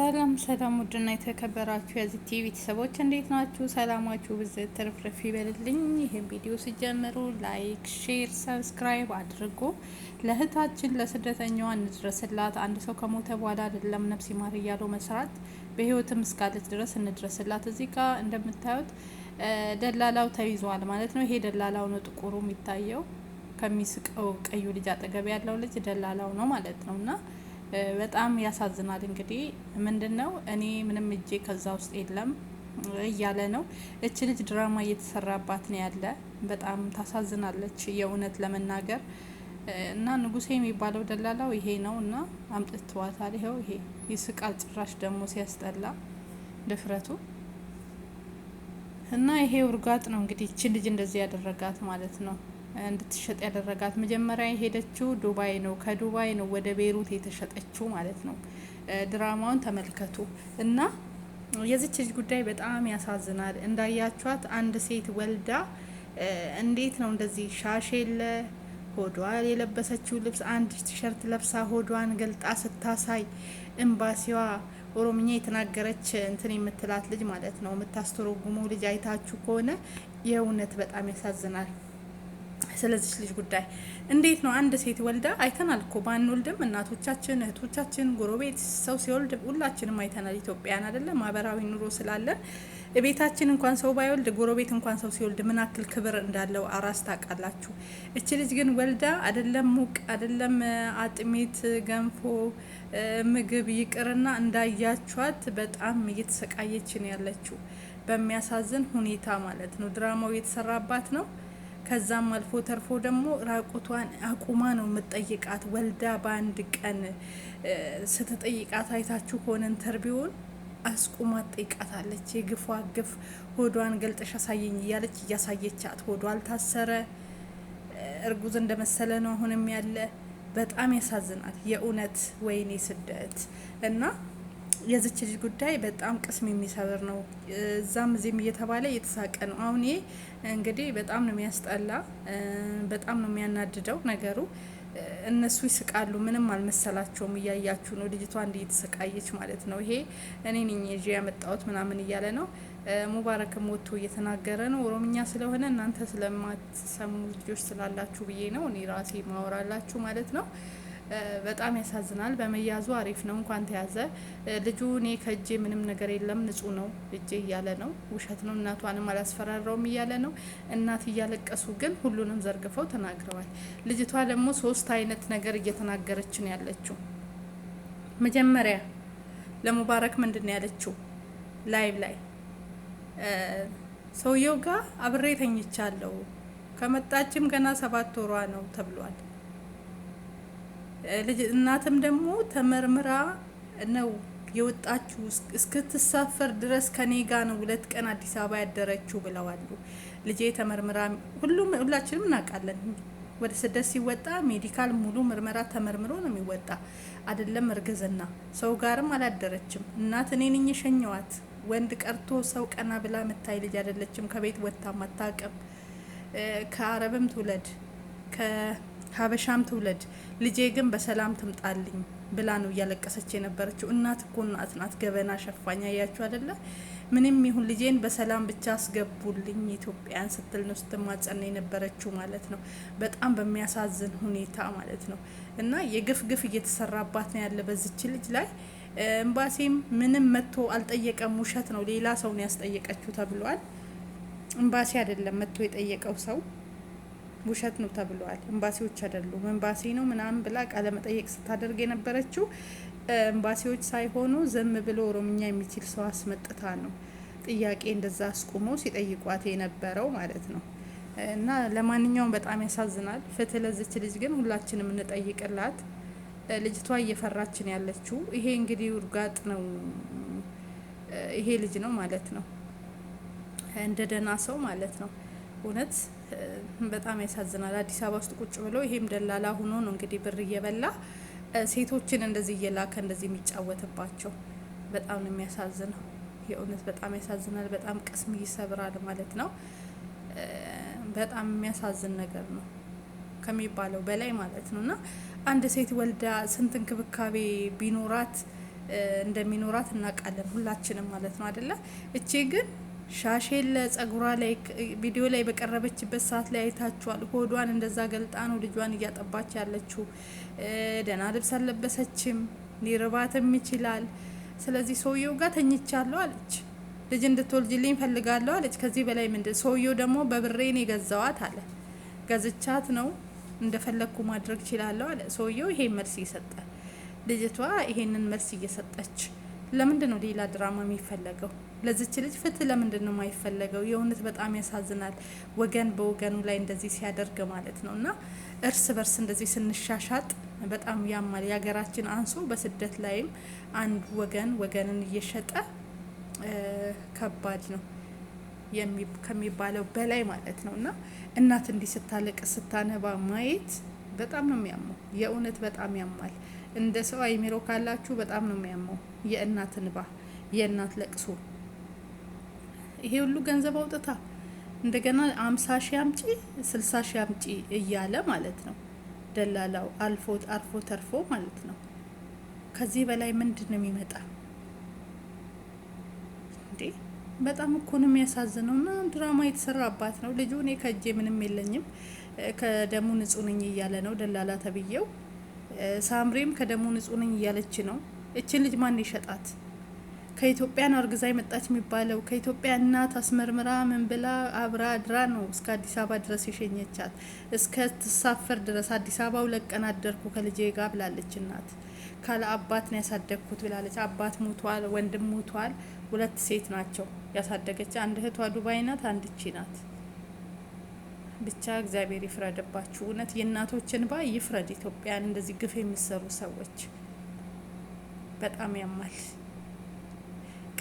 ሰላም ሰላም፣ ውድና የተከበራችሁ የዚህ ቲቪ ቤተሰቦች እንዴት ናችሁ? ሰላማችሁ ብዝ ትርፍርፍ ይበልልኝ። ይህን ቪዲዮ ሲጀምሩ ላይክ፣ ሼር፣ ሰብስክራይብ አድርጎ ለእህታችን ለስደተኛዋ እንድረስላት። አንድ ሰው ከሞተ በኋላ አይደለም ነፍስ ይማር እያለው መስራት፣ በህይወትም እስካለች ድረስ እንድረስላት። እዚህ ጋር እንደምታዩት ደላላው ተይዟል ማለት ነው። ይሄ ደላላው ነው ጥቁሩ የሚታየው ከሚስቀው ቀዩ ልጅ አጠገብ ያለው ልጅ ደላላው ነው ማለት ነው እና በጣም ያሳዝናል። እንግዲህ ምንድን ነው እኔ ምንም እጄ ከዛ ውስጥ የለም እያለ ነው። እች ልጅ ድራማ እየተሰራባት ነው ያለ። በጣም ታሳዝናለች የእውነት ለመናገር እና ንጉሴ የሚባለው ደላላው ይሄ ነው እና አምጥትዋታል። ይኸው ይሄ ይስቃል። ጭራሽ ደግሞ ሲያስጠላ ድፍረቱ እና ይሄ ውርጋጥ ነው እንግዲህ እች ልጅ እንደዚህ ያደረጋት ማለት ነው። እንድትሸጥ ያደረጋት። መጀመሪያ የሄደችው ዱባይ ነው። ከዱባይ ነው ወደ ቤይሩት የተሸጠችው ማለት ነው። ድራማውን ተመልከቱ እና የዚች ልጅ ጉዳይ በጣም ያሳዝናል። እንዳያችኋት አንድ ሴት ወልዳ እንዴት ነው እንደዚህ ሻሽ የለ ሆዷ የለበሰችው ልብስ አንድ ቲሸርት ለብሳ ሆዷን ገልጣ ስታሳይ ኤምባሲዋ ኦሮምኛ የተናገረች እንትን የምትላት ልጅ ማለት ነው የምታስተረጉመው ልጅ አይታችሁ ከሆነ የእውነት በጣም ያሳዝናል። ስለዚች ልጅ ጉዳይ እንዴት ነው? አንድ ሴት ወልዳ አይተናል እኮ ባንወልድም እናቶቻችን፣ እህቶቻችን፣ ጎረቤት ሰው ሲወልድ ሁላችንም አይተናል። ኢትዮጵያን አይደለም ማህበራዊ ኑሮ ስላለን ቤታችን እንኳን ሰው ባይወልድ ጎረቤት እንኳን ሰው ሲወልድ ምን ያክል ክብር እንዳለው አራስ ታውቃላችሁ። እች ልጅ ግን ወልዳ አይደለም ሙቅ አይደለም አጥሜት ገንፎ ምግብ ይቅርና እንዳያችኋት በጣም እየተሰቃየች ነው ያለችው። በሚያሳዝን ሁኔታ ማለት ነው። ድራማው የተሰራባት ነው። ከዛም አልፎ ተርፎ ደግሞ ራቁቷን አቁማ ነው የምትጠይቃት። ወልዳ በአንድ ቀን ስትጠይቃት አይታችሁ ከሆነ ኢንተርቪውን አስቁማ ትጠይቃታለች። የግፏ ግፍ ሆዷን ገልጠሽ አሳየኝ እያለች እያሳየቻት ሆዷ አልታሰረ እርጉዝ እንደመሰለ ነው አሁንም ያለ። በጣም ያሳዝናል የእውነት ወይኔ ስደት እና የዝች ልጅ ጉዳይ በጣም ቅስም የሚሰብር ነው። እዛም እዚህም እየተባለ እየተሳቀ ነው። አሁን ይሄ እንግዲህ በጣም ነው የሚያስጠላ፣ በጣም ነው የሚያናድደው ነገሩ። እነሱ ይስቃሉ፣ ምንም አልመሰላቸውም። እያያችሁ ነው ልጅቷ እንዲህ የተሰቃየች ማለት ነው። ይሄ እኔ ነኝ ይዤ ያመጣሁት ምናምን እያለ ነው። ሙባረክም ወጥቶ እየተናገረ ነው። ኦሮምኛ ስለሆነ እናንተ ስለማትሰሙ ልጆች ስላላችሁ ብዬ ነው እኔ ራሴ ማወራላችሁ ማለት ነው። በጣም ያሳዝናል። በመያዙ አሪፍ ነው እንኳን ተያዘ ልጁ። እኔ ከእጄ ምንም ነገር የለም ንጹህ ነው እጄ እያለ ነው። ውሸት ነው እናቷንም አላስፈራራውም እያለ ነው። እናት እያለቀሱ ግን ሁሉንም ዘርግፈው ተናግረዋል። ልጅቷ ደግሞ ሶስት አይነት ነገር እየተናገረች ነው ያለችው። መጀመሪያ ለሙባረክ ምንድን ነው ያለችው? ላይቭ ላይ ሰውየው ጋር አብሬ ተኝቻለሁ ከመጣችም ገና ሰባት ወሯ ነው ተብሏል። እናትም ደግሞ ተመርምራ ነው የወጣችሁ እስክትሳፈር ድረስ ከኔ ጋ ነው ሁለት ቀን አዲስ አበባ ያደረችው ብለዋሉ። ልጄ ተመርምራ ሁሉም ሁላችንም እናውቃለን። ወደ ስደት ሲወጣ ሜዲካል ሙሉ ምርመራ ተመርምሮ ነው የሚወጣ አይደለም። እርግዝና ሰው ጋርም አላደረችም። እናት እኔን የሸኘዋት። ወንድ ቀርቶ ሰው ቀና ብላ ምታይ ልጅ አይደለችም። ከቤት ወጥታ ማታቀም ከአረብም ትውለድ ሀበሻም ትውለድ ልጄ ግን በሰላም ትምጣልኝ ብላ ነው እያለቀሰች የነበረችው። እናት እኮ እናት ናት፣ ገበና ሸፋኝ። አያችሁ አደለ? ምንም ይሁን ልጄን በሰላም ብቻ አስገቡልኝ ኢትዮጵያን ስትል ነው ስትማጸን የነበረችው ማለት ነው። በጣም በሚያሳዝን ሁኔታ ማለት ነው። እና የግፍ ግፍ እየተሰራባት ነው ያለ በዚች ልጅ ላይ። ኤምባሲም ምንም መጥቶ አልጠየቀም። ውሸት ነው፣ ሌላ ሰው ነው ያስጠየቀችው ተብሏል። ኤምባሲ አይደለም መጥቶ የጠየቀው ሰው ውሸት ነው ተብሏል። ኤምባሲዎች አይደሉም ኤምባሲ ነው ምናምን ብላ መጠየቅ ስታደርግ የነበረችው ኤምባሲዎች ሳይሆኑ ዝም ብሎ ኦሮምኛ የሚችል ሰው አስመጥታ ነው ጥያቄ እንደዛ አስቁሞ ሲጠይቋት የነበረው ማለት ነው። እና ለማንኛውም በጣም ያሳዝናል። ፍትህ ለዚች ልጅ ግን ሁላችንም እንጠይቅላት። ልጅቷ እየፈራችን ያለችው ይሄ እንግዲህ ውርጋጥ ነው ይሄ ልጅ ነው ማለት ነው እንደ ደህና ሰው ማለት ነው እውነት በጣም ያሳዝናል። አዲስ አበባ ውስጥ ቁጭ ብሎ ይሄም ደላላ ሆኖ ነው እንግዲህ ብር እየበላ ሴቶችን እንደዚህ እየላከ እንደዚህ የሚጫወትባቸው በጣም ነው የሚያሳዝነው። የእውነት በጣም ያሳዝናል። በጣም ቅስም ይሰብራል ማለት ነው። በጣም የሚያሳዝን ነገር ነው ከሚባለው በላይ ማለት ነው። እና አንድ ሴት ወልዳ ስንት እንክብካቤ ቢኖራት እንደሚኖራት እናውቃለን ሁላችንም ማለት ነው አደለ? እቺ ግን ሻሼን ለጸጉሯ ላይ ቪዲዮ ላይ በቀረበችበት ሰዓት ላይ አይታችኋል። ሆዷን እንደዛ ገልጣ ነው ልጇን እያጠባች ያለችው። ደህና ልብስ አልለበሰችም፣ ሊርባትም ይችላል። ስለዚህ ሰውየው ጋር ተኝቻለሁ አለች። ልጅ እንድትወልጅልኝ ፈልጋለሁ አለች። ከዚህ በላይ ምንድን? ሰውየው ደግሞ በብሬን የገዛዋት አለ። ገዝቻት ነው እንደፈለግኩ ማድረግ ችላለሁ አለ ሰውየው። ይሄን መልስ እየሰጠ ልጅቷ ይሄንን መልስ እየሰጠች ለምንድን ነው ሌላ ድራማ የሚፈለገው? ለዚች ልጅ ፍትህ ለምንድን ነው የማይፈለገው? የእውነት በጣም ያሳዝናል። ወገን በወገኑ ላይ እንደዚህ ሲያደርግ ማለት ነው እና እርስ በርስ እንደዚህ ስንሻሻጥ በጣም ያማል። የሀገራችን አንሶ በስደት ላይም አንድ ወገን ወገንን እየሸጠ ከባድ ነው ከሚባለው በላይ ማለት ነው እና እናት እንዲህ ስታለቅ ስታነባ ማየት በጣም ነው የሚያመው። የእውነት በጣም ያማል። እንደ ሰው አይሚሮ ካላችሁ በጣም ነው የሚያመው። የእናት እንባ፣ የእናት ለቅሶ፣ ይሄ ሁሉ ገንዘብ አውጥታ እንደገና አምሳ ሺ አምጪ ስልሳ ሺ አምጪ እያለ ማለት ነው ደላላው አልፎ አርፎ ተርፎ ማለት ነው። ከዚህ በላይ ምንድን ነው የሚመጣ እንዴ? በጣም እኮ ነው የሚያሳዝነው። እና ድራማ የተሰራባት ነው ልጁ። እኔ ከእጄ ምንም የለኝም ከደሙ ንጹህ ነኝ እያለ ነው ደላላ ተብዬው። ሳምሬም ከደሞ ንጹህ ነኝ እያለች ነው። እችን ልጅ ማን ይሸጣት? ከኢትዮጵያን አርግዛ የመጣች የሚባለው ከኢትዮጵያ እናት አስመርምራ ምን ብላ አብራ አድራ ነው እስከ አዲስ አበባ ድረስ የሸኘቻት። እስከ ትሳፈር ድረስ አዲስ አበባ ሁለት ቀን አደርኩ ከልጄ ጋር ብላለች። እናት ካለ አባት ነው ያሳደግኩት ብላለች። አባት ሞቷል፣ ወንድም ሞቷል። ሁለት ሴት ናቸው ያሳደገች። አንድ እህቷ ዱባይ ናት፣ አንድ እቺ ናት። ብቻ እግዚአብሔር ይፍረድባችሁ። እውነት የእናቶችን ባ ይፍረድ። ኢትዮጵያን እንደዚህ ግፍ የሚሰሩ ሰዎች በጣም ያማል።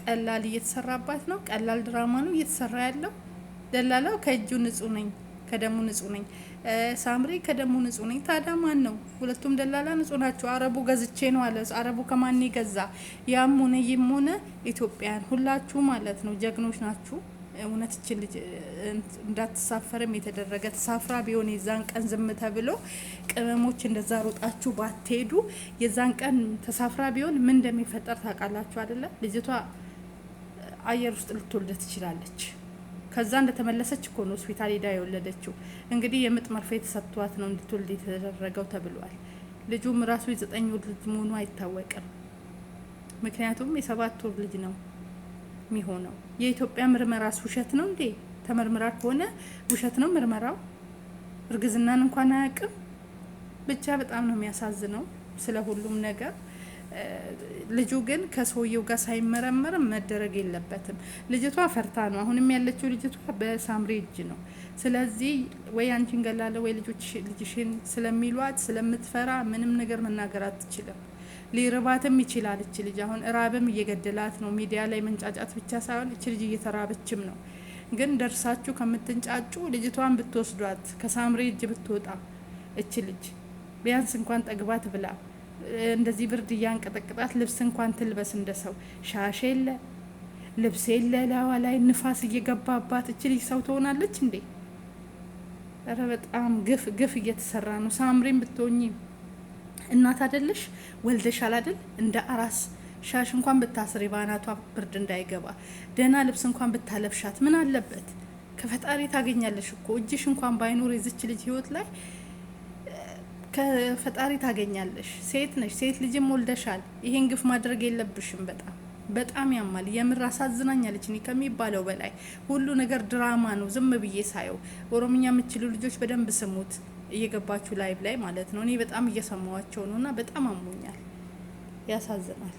ቀላል እየተሰራባት ነው። ቀላል ድራማ ነው እየተሰራ ያለው። ደላላው ከእጁ ንጹህ ነኝ ከደሙ ንጹህ ነኝ፣ ሳምሪ ከደሙ ንጹህ ነኝ። ታዲያ ማን ነው? ሁለቱም ደላላ ንጹህ ናቸው። አረቡ ገዝቼ ነው አለ። አረቡ ከማን ገዛ? ያም ሆነ ይም ሆነ ኢትዮጵያን ሁላችሁ ማለት ነው ጀግኖች ናችሁ። እውነት ልጅ እንዳትሳፈርም የተደረገ ተሳፍራ ቢሆን የዛን ቀን ዝም ተብሎ ቅመሞች እንደዛ ሮጣችሁ ባትሄዱ የዛን ቀን ተሳፍራ ቢሆን ምን እንደሚፈጠር ታውቃላችሁ አይደለም? ልጅቷ አየር ውስጥ ልትወልድ ትችላለች። ከዛ እንደተመለሰች እኮ ነው ሆስፒታል ሄዳ የወለደችው። እንግዲህ የምጥ መርፌ የተሰጥቷት ነው እንድትወልድ የተደረገው ተብሏል። ልጁም ራሱ የዘጠኝ ወር ልጅ መሆኑ አይታወቅም። ምክንያቱም የሰባት ወር ልጅ ነው። የሚሆነው? የኢትዮጵያ ምርመራስ ውሸት ነው እንዴ? ተመርምራ ከሆነ ውሸት ነው ምርመራው። እርግዝናን እንኳን አያውቅም። ብቻ በጣም ነው የሚያሳዝነው ስለ ሁሉም ነገር። ልጁ ግን ከሰውየው ጋር ሳይመረመር መደረግ የለበትም። ልጅቷ ፈርታ ነው አሁንም ያለችው። ልጅቷ በሳምሪ እጅ ነው። ስለዚህ ወይ አንቺን ገላለ ወይ ልጆች ልጅሽን ስለሚሏት ስለምትፈራ ምንም ነገር መናገር አትችልም። ሊርባትም ይችላል። እች ልጅ አሁን እራብም እየገደላት ነው። ሚዲያ ላይ መንጫጫት ብቻ ሳይሆን እች ልጅ እየተራበችም ነው። ግን ደርሳችሁ ከምትንጫጩ ልጅቷን ብትወስዷት፣ ከሳምሪ እጅ ብትወጣ እች ልጅ ቢያንስ እንኳን ጠግባት ብላ እንደዚህ ብርድ እያንቀጠቅጣት ልብስ እንኳን ትልበስ። እንደ ሰው ሻሽ የለ ልብስ የለ ላዋ ላይ ንፋስ እየገባባት እች ልጅ ሰው ትሆናለች እንዴ? ኧረ በጣም ግፍ ግፍ እየተሰራ ነው። ሳምሪን ብትሆኝም እናት አደለሽ? ወልደሻል አደል? እንደ አራስ ሻሽ እንኳን ብታስሪ በአናቷ ብርድ እንዳይገባ ደህና ልብስ እንኳን ብታለብሻት ምን አለበት? ከፈጣሪ ታገኛለሽ እኮ እጅሽ እንኳን ባይኖር የዝች ልጅ ህይወት ላይ ከፈጣሪ ታገኛለሽ። ሴት ነሽ፣ ሴት ልጅም ወልደሻል። ይሄን ግፍ ማድረግ የለብሽም። በጣም በጣም ያማል። የምር አሳዝናኛለች እኔ ከሚባለው በላይ። ሁሉ ነገር ድራማ ነው ዝም ብዬ ሳየው። ኦሮምኛ የምችሉ ልጆች በደንብ ስሙት። እየገባችሁ ላይቭ ላይ ማለት ነው። እኔ በጣም እየሰማዋቸው ነው እና በጣም አሞኛል። ያሳዝናል።